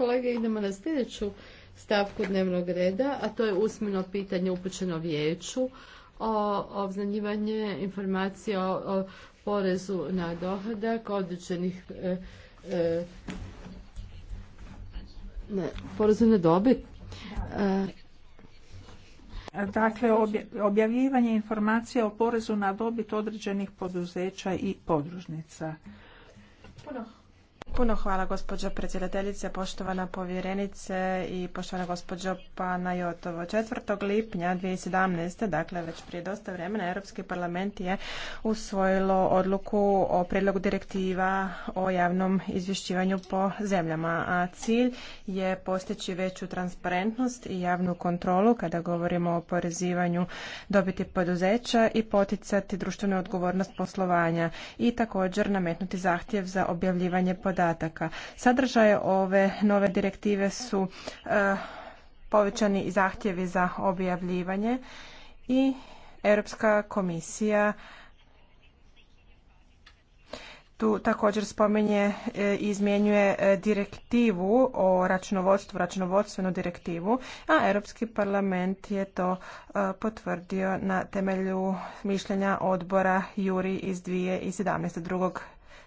Kolege, idemo na sljedeću stavku dnevnog reda, a to je usmeno pitanje upućeno vijeću o obznanjivanje informacija o, porezu na dohodak određenih e, e, porezu na dobit. E, Dakle, objavljivanje informacija o porezu na dobit određenih poduzeća i podružnica. Puno hvala gospođo predsjedateljice, poštovana povjerenice i poštovana gospođo Jotovo. 4. lipnja 2017. dakle već prije dosta vremena Europski parlament je usvojilo odluku o prijedlogu direktiva o javnom izvješćivanju po zemljama, a cilj je postići veću transparentnost i javnu kontrolu kada govorimo o porezivanju, dobiti poduzeća i poticati društvenu odgovornost poslovanja i također nametnuti zahtjev za objavljivanje podataka podataka. Sadržaje ove nove direktive su e, povećani i zahtjevi za objavljivanje i Europska komisija tu također spominje e, i izmjenjuje e, direktivu o računovodstvu, računovodstvenu direktivu, a Europski parlament je to potvrdio na temelju mišljenja odbora Juri iz 2017. drugog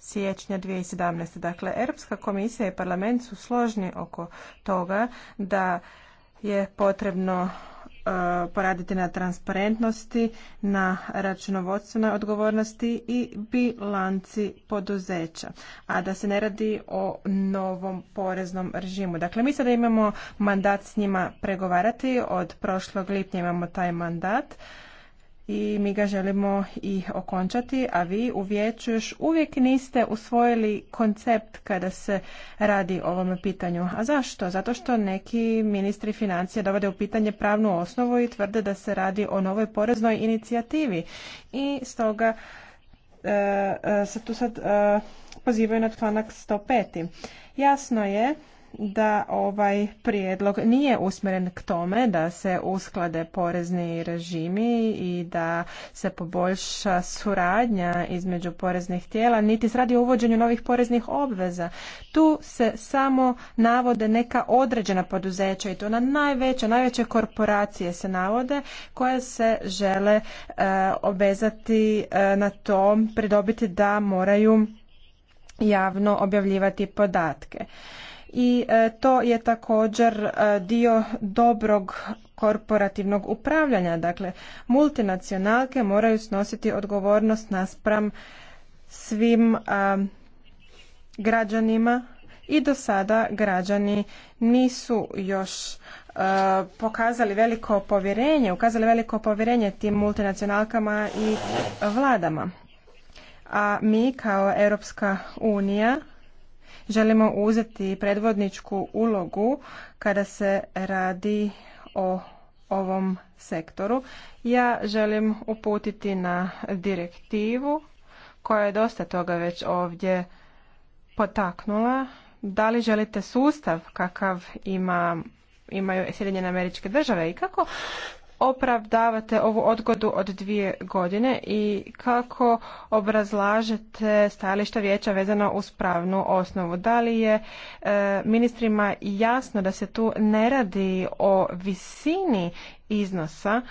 siječnja 2017. Dakle, Europska komisija i parlament su složni oko toga da je potrebno e, poraditi na transparentnosti, na računovodstvenoj odgovornosti i bilanci poduzeća, a da se ne radi o novom poreznom režimu. Dakle, mi sada imamo mandat s njima pregovarati, od prošlog lipnja imamo taj mandat i mi ga želimo i okončati, a vi u vijeću još uvijek niste usvojili koncept kada se radi o ovom pitanju. A zašto? Zato što neki ministri financija dovode u pitanje pravnu osnovu i tvrde da se radi o novoj poreznoj inicijativi. I stoga e, e, se tu sad e, pozivaju na članak 105. Jasno je da ovaj prijedlog nije usmjeren k tome da se usklade porezni režimi i da se poboljša suradnja između poreznih tijela, niti se radi o uvođenju novih poreznih obveza. Tu se samo navode neka određena poduzeća i to na najveće, najveće korporacije se navode koje se žele e, obvezati e, na to, pridobiti da moraju javno objavljivati podatke i e, to je također e, dio dobrog korporativnog upravljanja. Dakle, multinacionalke moraju snositi odgovornost naspram svim e, građanima i do sada građani nisu još pokazali veliko povjerenje, ukazali veliko povjerenje tim multinacionalkama i vladama. A mi kao Europska unija želimo uzeti predvodničku ulogu kada se radi o ovom sektoru. Ja želim uputiti na direktivu koja je dosta toga već ovdje potaknula. Da li želite sustav kakav ima imaju Sjedinjene američke države i kako opravdavate ovu odgodu od dvije godine i kako obrazlažete stajališta vijeća vezano uz pravnu osnovu? Da li je e, ministrima jasno da se tu ne radi o visini iznosa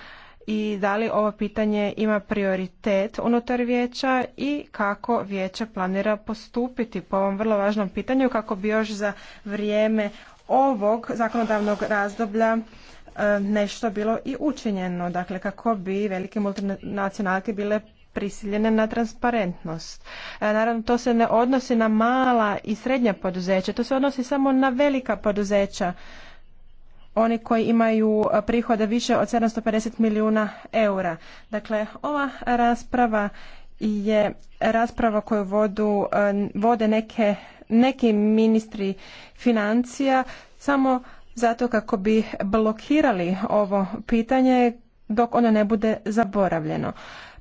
i da li ovo pitanje ima prioritet unutar vijeća i kako vijeće planira postupiti po ovom vrlo važnom pitanju kako bi još za vrijeme ovog zakonodavnog razdoblja E, nešto bilo i učinjeno, dakle kako bi velike multinacionalke bile prisiljene na transparentnost. E, naravno, to se ne odnosi na mala i srednja poduzeća, to se odnosi samo na velika poduzeća. Oni koji imaju e, prihode više od 750 milijuna eura. Dakle, ova rasprava je rasprava koju vodu, vode neke, neki ministri financija, samo zato kako bi blokirali ovo pitanje dok ono ne bude zaboravljeno.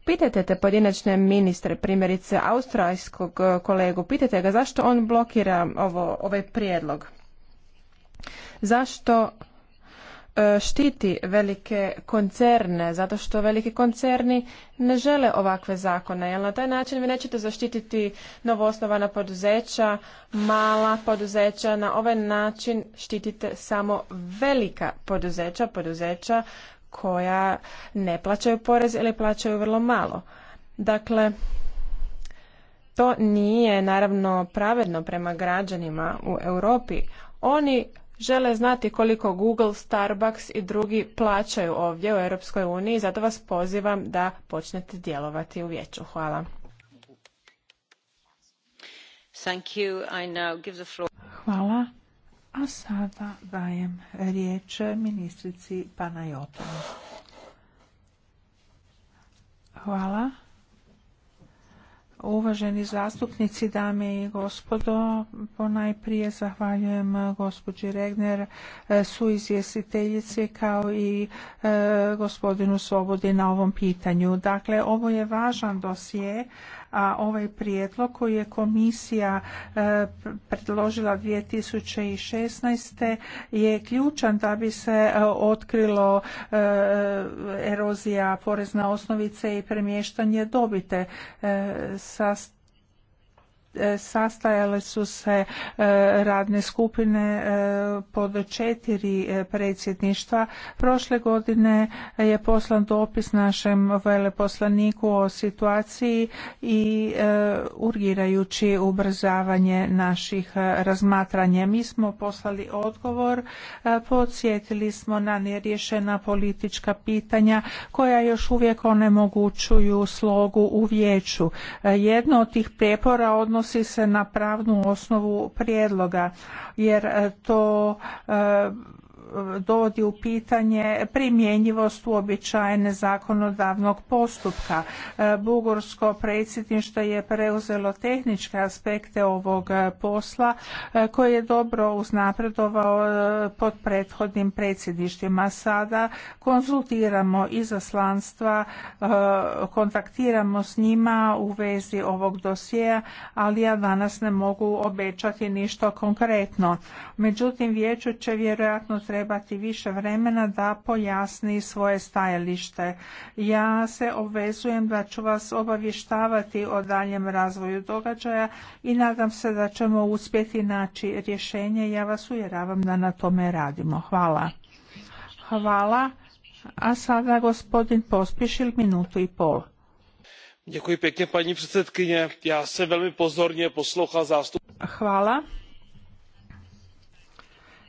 Pitajte te pojedinačne ministre, primjerice austrajskog e, kolegu, pitajte ga zašto on blokira ovo, ovaj prijedlog. Zašto E, štiti velike koncerne, zato što veliki koncerni ne žele ovakve zakone, jer na taj način vi nećete zaštititi novoosnovana poduzeća, mala poduzeća, na ovaj način štitite samo velika poduzeća, poduzeća koja ne plaćaju porez ili plaćaju vrlo malo. Dakle, to nije naravno pravedno prema građanima u Europi. Oni žele znati koliko Google, Starbucks i drugi plaćaju ovdje u Europskoj uniji, zato vas pozivam da počnete djelovati u vijeću. Hvala. Thank you. I now give the floor. Hvala. A sada dajem riječ ministrici Panajotovi. Hvala. Uvaženi zastupnici, dame i gospodo, ponajprije zahvaljujem eh, gospođi Regner, eh, su izvjestiteljici kao i eh, gospodinu Svobodi na ovom pitanju. Dakle, ovo je važan dosije, a ovaj prijedlog koji je komisija e, predložila 2016. je ključan da bi se e, otkrilo e, erozija porezne osnovice i premještanje dobite. sa E, sastajale su se e, radne skupine e, pod četiri predsjedništva. Prošle godine je poslan dopis našem veleposlaniku o situaciji i urgirajući ubrzavanje naših razmatranja. Mi smo poslali odgovor, podsjetili smo na nerješena politička pitanja koja još uvijek onemogućuju slogu u vijeću. Jedno od tih prijepora odnosi odnosi se na pravnu osnovu prijedloga jer to dovodi u pitanje primjenjivost uobičajene zakonodavnog postupka. Bugorsko predsjedništvo je preuzelo tehničke aspekte ovog posla koji je dobro uznapredovao pod prethodnim predsjedništvima. Sada konzultiramo izaslanstva, kontaktiramo s njima u vezi ovog dosjea, ali ja danas ne mogu obećati ništa konkretno. Međutim, vijeću će vjerojatno trebati trebati više vremena da pojasni svoje stajalište. Ja se obvezujem da ću vas obavještavati o daljem razvoju događaja i nadam se da ćemo uspjeti naći rješenje. Ja vas ujeravam da na tome radimo. Hvala. Hvala. A sada gospodin Pospišil minutu i pol. Děkuji pěkně, paní Hvala.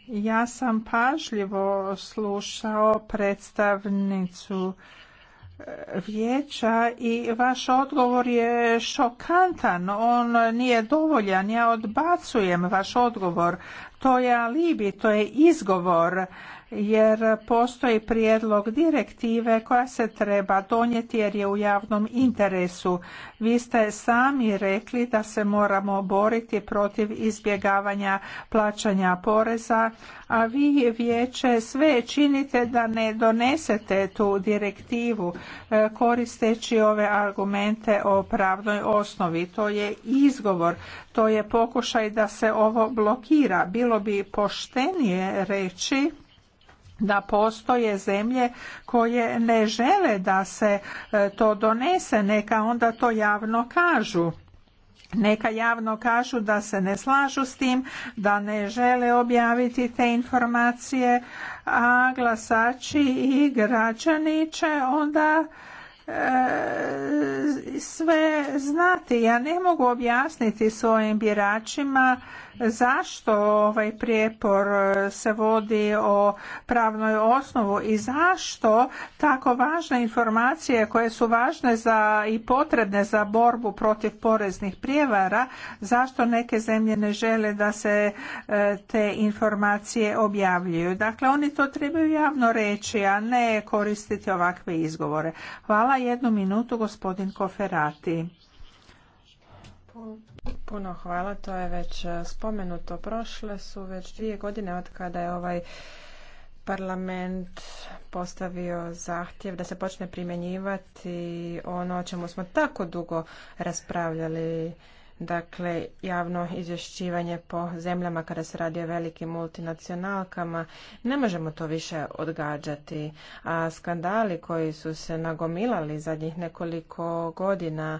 Ja sam pažljivo slušao predstavnicu e, vijeća i vaš odgovor je šokantan. On nije dovoljan. Ja odbacujem vaš odgovor. To je alibi, to je izgovor jer postoji prijedlog direktive koja se treba donijeti jer je u javnom interesu. Vi ste sami rekli da se moramo boriti protiv izbjegavanja plaćanja poreza, a vi vijeće sve činite da ne donesete tu direktivu e, koristeći ove argumente o pravnoj osnovi. To je izgovor, to je pokušaj da se ovo blokira. Bilo bi poštenije reći da postoje zemlje koje ne žele da se e, to donese, neka onda to javno kažu. Neka javno kažu da se ne slažu s tim, da ne žele objaviti te informacije, a glasači i građani će onda e, sve znati. Ja ne mogu objasniti svojim biračima zašto ovaj prijepor se vodi o pravnoj osnovu i zašto tako važne informacije koje su važne za i potrebne za borbu protiv poreznih prijevara, zašto neke zemlje ne žele da se e, te informacije objavljuju. Dakle, oni to trebaju javno reći, a ne koristiti ovakve izgovore. Hvala jednu minutu gospodin Koferati. Puno hvala, to je već e, spomenuto. Prošle su već dvije godine od kada je ovaj parlament postavio zahtjev da se počne primjenjivati ono o čemu smo tako dugo raspravljali dakle javno izvješćivanje po zemljama kada se radi o velikim multinacionalkama. Ne možemo to više odgađati. A skandali koji su se nagomilali zadnjih nekoliko godina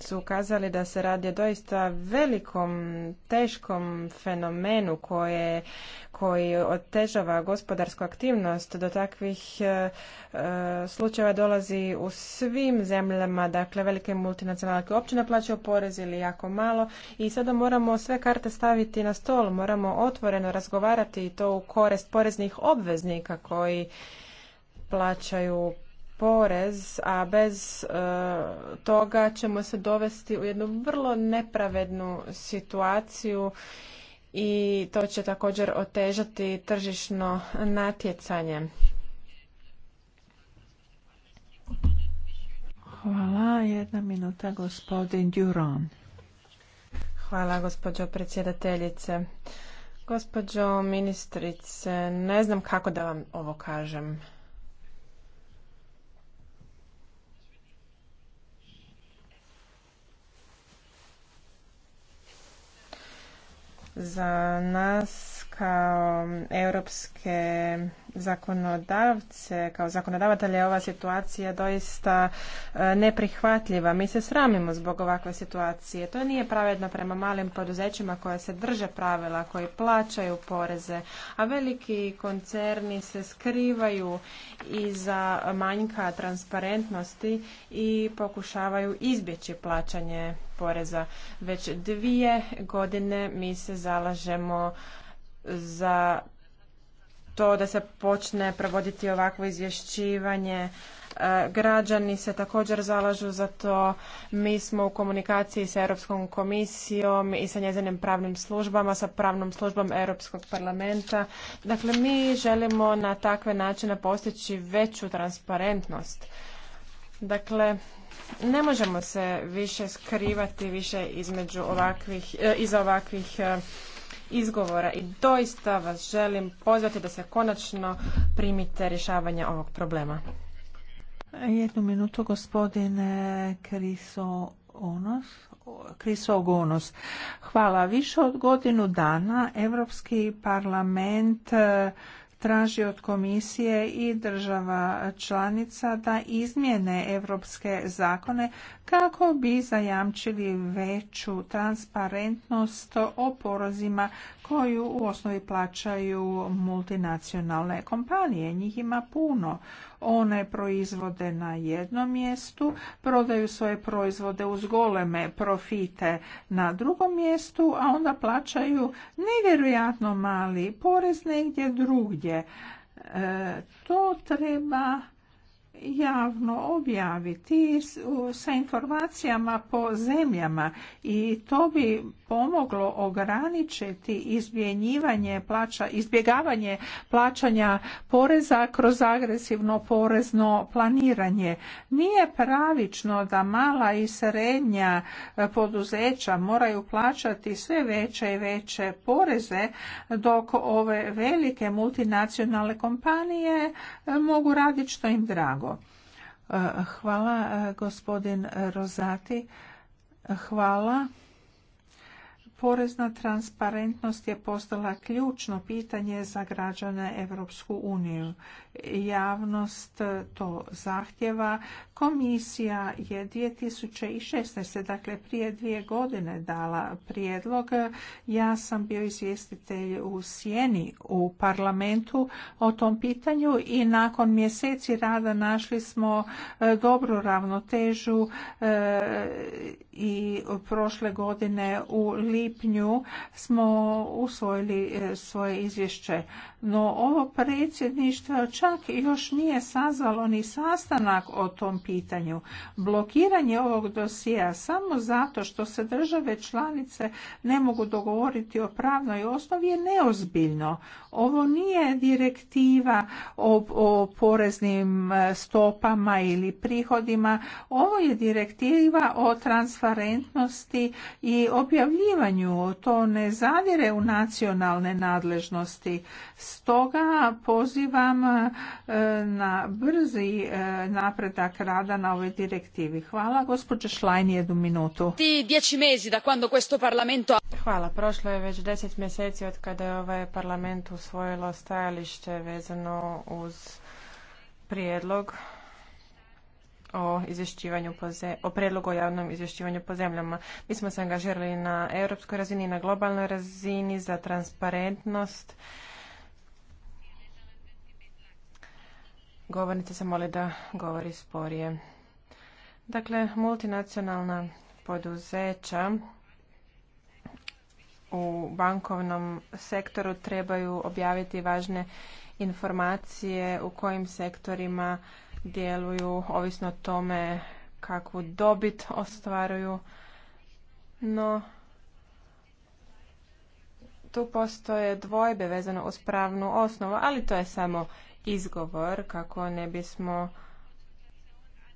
su ukazali da se radi o doista velikom, teškom fenomenu koje, koji otežava gospodarsku aktivnost. Do takvih e, e, slučajeva dolazi u svim zemljama, dakle velike multinacionalke općine plaćaju porez ili jako malo i sada moramo sve karte staviti na stol, moramo otvoreno razgovarati i to u korist poreznih obveznika koji plaćaju porez, a bez e, toga ćemo se dovesti u jednu vrlo nepravednu situaciju i to će također otežati tržišno natjecanje. Hvala. Jedna minuta, gospodin Duron. Hvala, gospođo predsjedateljice. Gospođo ministrice, ne znam kako da vam ovo kažem. za nas kao europske zakonodavce, kao zakonodavatelje ova situacija doista e, neprihvatljiva. Mi se sramimo zbog ovakve situacije. To nije pravedno prema malim poduzećima koja se drže pravila, koji plaćaju poreze, a veliki koncerni se skrivaju iza manjka transparentnosti i pokušavaju izbjeći plaćanje poreza. Već dvije godine mi se zalažemo za to da se počne provoditi ovakvo izvješćivanje. E, građani se također zalažu za to. Mi smo u komunikaciji sa Europskom komisijom i sa njezinim pravnim službama, sa pravnom službom Europskog parlamenta. Dakle, mi želimo na takve načine postići veću transparentnost. Dakle, ne možemo se više skrivati više između ovakvih, e, iza ovakvih e, izgovora i doista vas želim pozvati da se konačno primite rješavanja ovog problema. Jednu minutu, gospodine Kriso Onos. Gonos. Hvala. Više od godinu dana Europski parlament traži od komisije i država članica da izmjene europske zakone kako bi zajamčili veću transparentnost o porozima koju u osnovi plaćaju multinacionalne kompanije. Njih ima puno. One proizvode na jednom mjestu, prodaju svoje proizvode uz goleme profite na drugom mjestu, a onda plaćaju nevjerojatno mali porez negdje drugdje E, to treba javno objaviti sa informacijama po zemljama i to bi pomoglo ograničiti plaća, izbjegavanje plaćanja poreza kroz agresivno porezno planiranje. Nije pravično da mala i srednja e, poduzeća moraju plaćati sve veće i veće poreze dok ove velike multinacionalne kompanije e, mogu raditi što im drago. E, hvala e, gospodin Rozati. Hvala. Porezna transparentnost je postala ključno pitanje za građane Europsku uniju. Javnost to zahtjeva. Komisija je 2016. dakle prije dvije godine dala prijedlog. Ja sam bio izvjestitelj u Sjeni u parlamentu o tom pitanju i nakon mjeseci rada našli smo e, dobru ravnotežu e, i prošle godine u lipnju smo usvojili e, svoje izvješće no ovo predsjedništvo čak još nije sazvalo ni sastanak o tom pitanju. Blokiranje ovog dosija samo zato što se države članice ne mogu dogovoriti o pravnoj osnovi je neozbiljno. Ovo nije direktiva o, poreznim e, stopama ili prihodima. Ovo je direktiva o transparentnosti i objavljivanju. To ne zadire u nacionalne nadležnosti Stoga pozivam e, na brzi e, napredak rada na ovoj direktivi. Hvala. Gospođa Šlajn, jednu minutu. Hvala. Prošlo je već deset mjeseci od kada je ovaj parlament usvojilo stajalište vezano uz prijedlog o izvješćivanju po zemljama. o predlogu o javnom izvješćivanju po zemljama. Mi smo se angažirali na europskoj razini i na globalnoj razini za transparentnost Govornica se moli da govori sporije. Dakle, multinacionalna poduzeća u bankovnom sektoru trebaju objaviti važne informacije u kojim sektorima djeluju, ovisno o tome kakvu dobit ostvaruju. No, tu postoje dvojbe vezano uz pravnu osnovu, ali to je samo izgovor kako ne bismo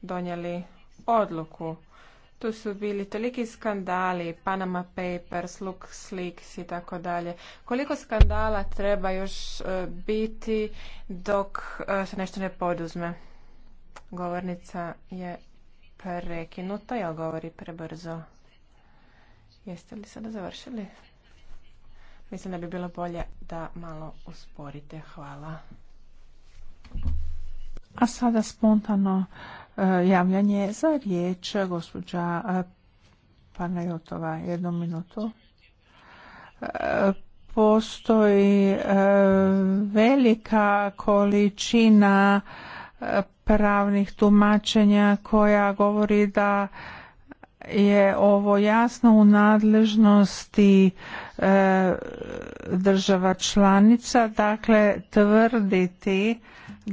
donijeli odluku. Tu su bili toliki skandali, Panama Papers, LuxLeaks i tako dalje. Koliko skandala treba još e, biti dok e, se nešto ne poduzme? Govornica je prekinuta, jel govori prebrzo? Jeste li sada završili? Mislim da bi bilo bolje da malo usporite. Hvala. A sada spontano e, javljanje za riječ gospođa e, Panajotova. Jednu minutu. E, postoji velika količina pravnih tumačenja koja govori da je ovo jasno u nadležnosti država članica dakle tvrditi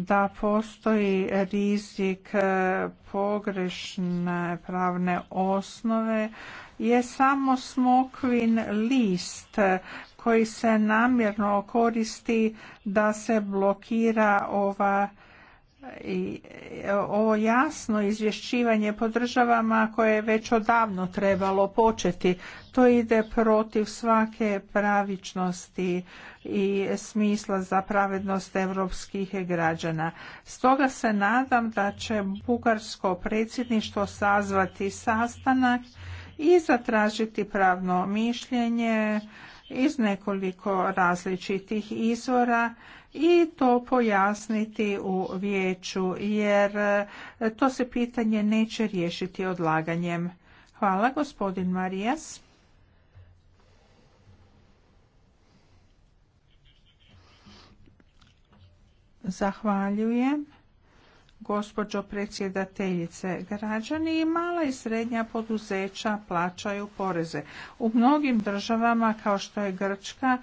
da postoji rizik e, pogrešne pravne osnove je samo smokvin list koji se namjerno koristi da se blokira ova i e, ovo jasno izvješćivanje po državama koje je već odavno trebalo početi. To ide protiv svake pravičnosti i smisla za pravednost europskih građana. Stoga se nadam da će bugarsko predsjedništvo sazvati sastanak i zatražiti pravno mišljenje iz nekoliko različitih izvora i to pojasniti u vijeću jer e, to se pitanje neće riješiti odlaganjem. Hvala gospodin Marijas. Zahvaljujem gospođo predsjedateljice. Građani i mala i srednja poduzeća plaćaju poreze. U mnogim državama kao što je Grčka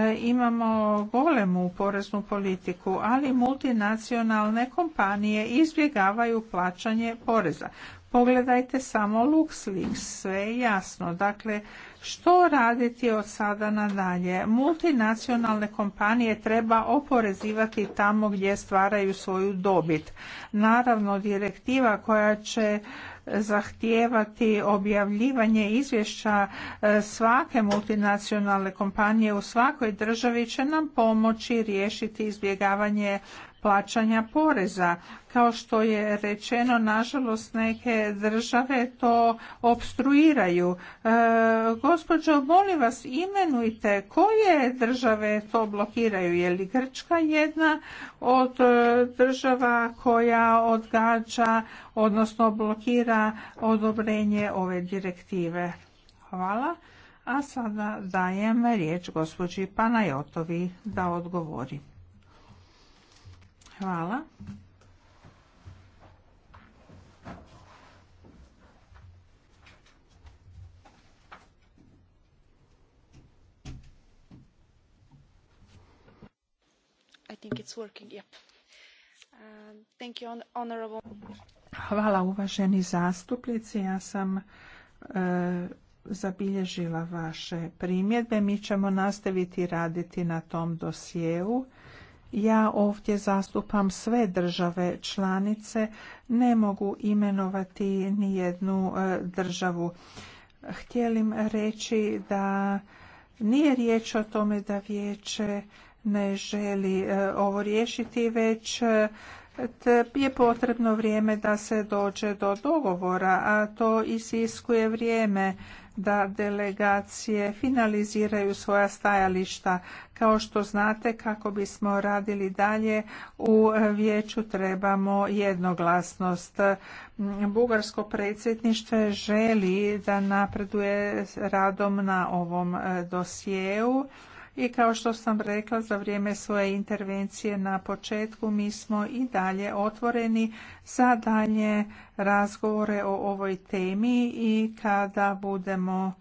E, imamo golemu poreznu politiku, ali multinacionalne kompanije izbjegavaju plaćanje poreza. Pogledajte samo LuxLeaks, sve je jasno. Dakle, što raditi od sada nadalje? Multinacionalne kompanije treba oporezivati tamo gdje stvaraju svoju dobit. Naravno, direktiva koja će zahtijevati objavljivanje izvješća e, svake multinacionalne kompanije u svakoj državi će nam pomoći riješiti izbjegavanje plaćanja poreza. Kao što je rečeno, nažalost, neke države to obstruiraju. E, gospođo, molim vas, imenujte koje države to blokiraju. Je li Grčka jedna od e, država koja odgađa, odnosno blokira odobrenje ove direktive? Hvala. A sada dajem riječ gospođi Panajotovi da odgovori. Hvala. Um, Hvala uvaženi zastupnici. Ja sam e, zabilježila vaše primjedbe. Mi ćemo nastaviti raditi na tom dosjeu. Ja ovdje zastupam sve države članice, ne mogu imenovati ni jednu e, državu. Htjelim reći da nije riječ o tome da vijeće ne želi e, ovo riješiti, već e, je potrebno vrijeme da se dođe do dogovora, a to isiskuje vrijeme da delegacije finaliziraju svoja stajališta. Kao što znate, kako bismo radili dalje, u vijeću trebamo jednoglasnost. Bugarsko predsjedništvo želi da napreduje radom na ovom e, dosjeu i kao što sam rekla za vrijeme svoje intervencije na početku mi smo i dalje otvoreni za dalje razgovore o ovoj temi i kada budemo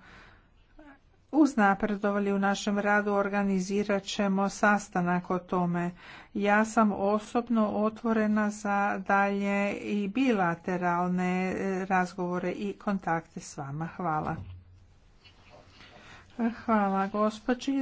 uznapredovali u našem radu organizirat ćemo sastanak o tome. Ja sam osobno otvorena za dalje i bilateralne e, razgovore i kontakte s vama. Hvala. Hvala gospođi.